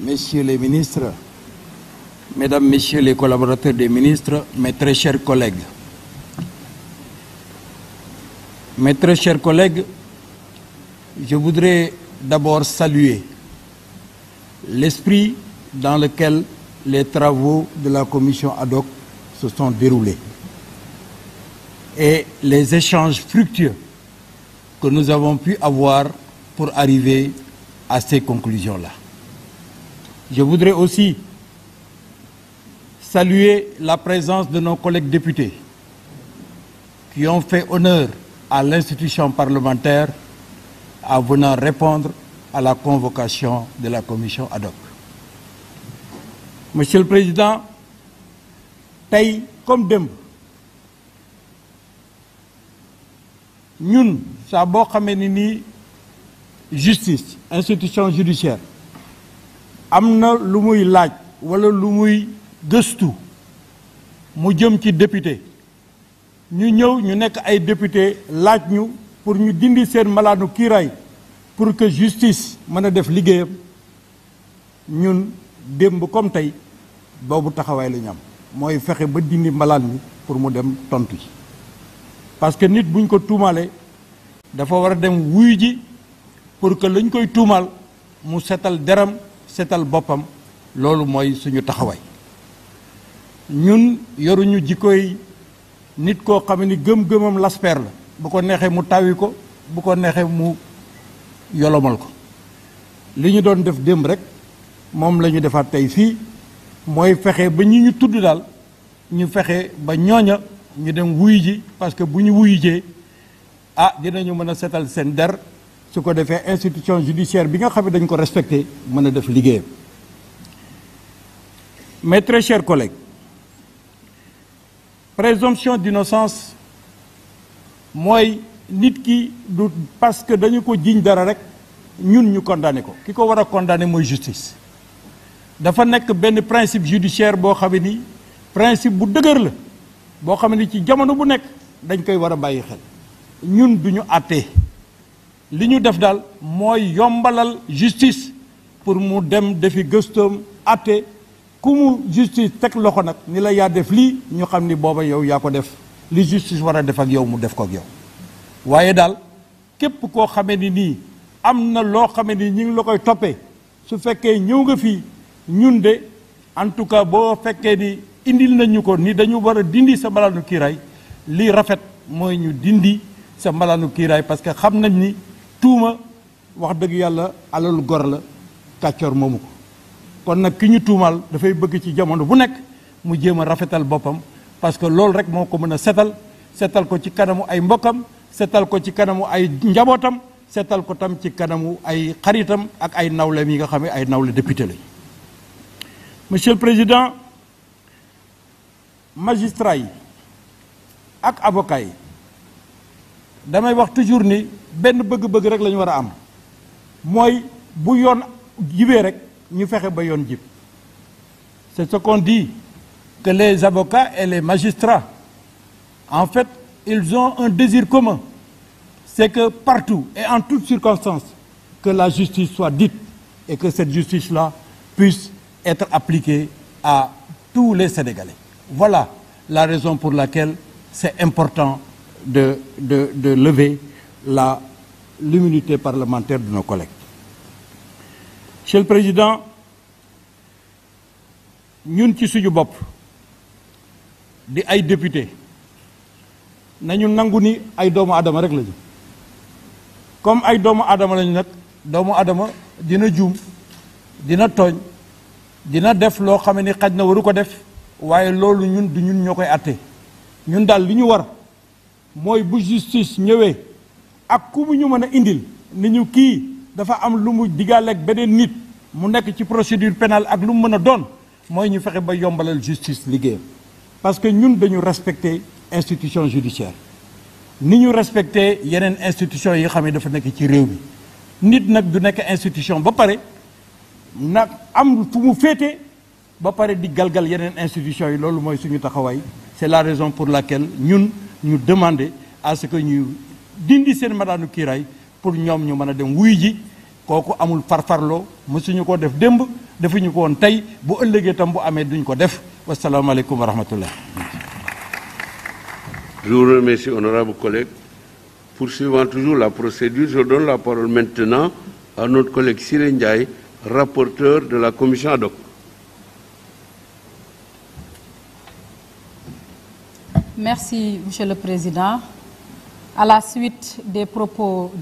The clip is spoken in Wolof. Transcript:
messieurs les ministres, mesdames, messieurs les collaborateurs des ministres, mes très chers collègues. Mes très chers collègues, je voudrais d'abord saluer l'esprit dans lequel les travaux de la commission ad hoc se sont déroulés et les échanges fructueux que nous avons pu avoir pour arriver à ces conclusions-là. Je voudrais aussi saluer la présence de nos collègues députés qui ont fait honneur à l'institution parlementaire en venant répondre à la convocation de la commission ad hoc. Monsieur le Président, tey comme démb ñun saa boo xamee ni nii justice institution judiciaire am na lu muy laaj walla lu muy gëstu mu jëm ci député ñu ñëw ñu nekk ay député laaj ñu pour ñu dindi seen malaanu kiiraay pour que justice mën a def liggéeyam ñun démb comme tey boobu taxawaay la ñu am mooy fexe ba dindi malaan mi pour mu dem tontu yi parce que nit buñ ko tuumalee dafa war a dem wuy ji pour que lañ koy tuumal mu setal deram setal boppam loolu mooy suñu taxawaay ñun yoruñu jikkoy nit koo xam ni gëm-gëmam lasper la bu ko neexee mu tawi ko bu ko neexee mu yolomal ko li ñu doon def démb rek moom la ñu defaat tey fii mooy fexe ba ñi ñu tudd daal ñu fexe ba ñooña ñu dem wuy ji parce que bu ñu wuy jee ah dinañu mën a setal seen der su ko defee institution judiciaire bi nga xam ne dañ ko respecté mën a def liggéeyam mes très chers collègues présomption d'innocence mooy nit ki du parce que dañu ko jiiñ dara rek ñun ñu condamné ko ki ko war a condamné mooy justice dafa nekk benn principe judiciaire boo xam ne ni principe bu dëgër la boo xam ni ci jamono bu nekk dañ koy war a bàyyi xel ñun duñu àttee li ñu def daal mooy yombalal justice pour mu dem defi gëstoom atte ku mu justice teg loxo nag ni la yaa def lii ñu xam ni booba yow yaa ko def li justice war a def ak yow mu def ko yow waaye daal képp koo xame ni nii am na loo xamee ni ñu ngi la koy toppee su fekkee ñëw nga fii ñun de en tout cas boo fekkee ni indil nañu ko ni dañu war a dindi sa mbalaanu kiiraay lii rafet mooy ñu dindi sa mbalaanu kiiraay parce que xam nañ ni tuuma wax dëgg yàlla alalu gor la kàccoor moomu ko kon nag ki ñu tuumaal dafay bëgg ci jamono bu nekk mu jéem a rafetal boppam parce que loolu rek moo ko mën a setal setal ko ci kanamu ay mbokkam setal ko ci kanamu ay njabootam setal ko tam ci kanamu ay xaritam ak ay nawleem yi nga xam ne ay nawle député lañ monsieur président magistrat yi ak avocat yi damay wax toujours ni benn bëgg-bëgg rek la ñu war a am mooy bu yoon jibee rek ñu fexe ba yoon jib c'est ce qu'on dit que les avocats et les magistrats en fait ils ont un désir commun c'est que partout et en toutes circonstances que la justice soit dite et que cette justice-là puisse être appliquée à tous les Sénégalais. Voilà la raison pour laquelle c'est important de, de, de lever l'immunité parlementaire de nos collègues. Monsieur le Président, ñun ci suñu bopp di ay député nañu nangu ni ay doomu aadama rek lañu comme ay doomu aadama lañu nag doomu adama dina juum dina tooñ dina def loo xam ne ni xaj na waru ko def waaye loolu ñun du ñun ñoo koy àtte ñun daal li ñu war mooy bu justice ñëwee ak ku mu ñu mën a indil ni ñu kii dafa am lu mu digaale beneen nit mu nekk ci procédure pénale ak lu mu mën a doon mooy ñu fexe ba yombalal justice liggéeyam parce que ñun dañu respecter institution judiciaire ni ñu respecter yeneen institution yi xam ne dafa nekk ci réew mi nit nag du nekk institution ba pare nag am fu mu féete ba pare di galgal yeneen institution yi loolu mooy suñu taxawaay c'est la raison pour laquelle ñun ñu demander à que ñu dindi seen madaanu kiiraay pour ñoom ñu mën a dem wuy ji kooku amul farfarloo mësuñu ko def démb defuñu ko woon tey bu ëllëgee tam bu amee duñ ko def wasalaamaaleykum wa rahmatullah je vous remercie honorable collègue poursuivant toujours la procédure je donne la parole maintenant à notre collègue Siré Ndiaye rapporteur de la commission ad hoc Merci, Monsieur le Président. À la suite des propos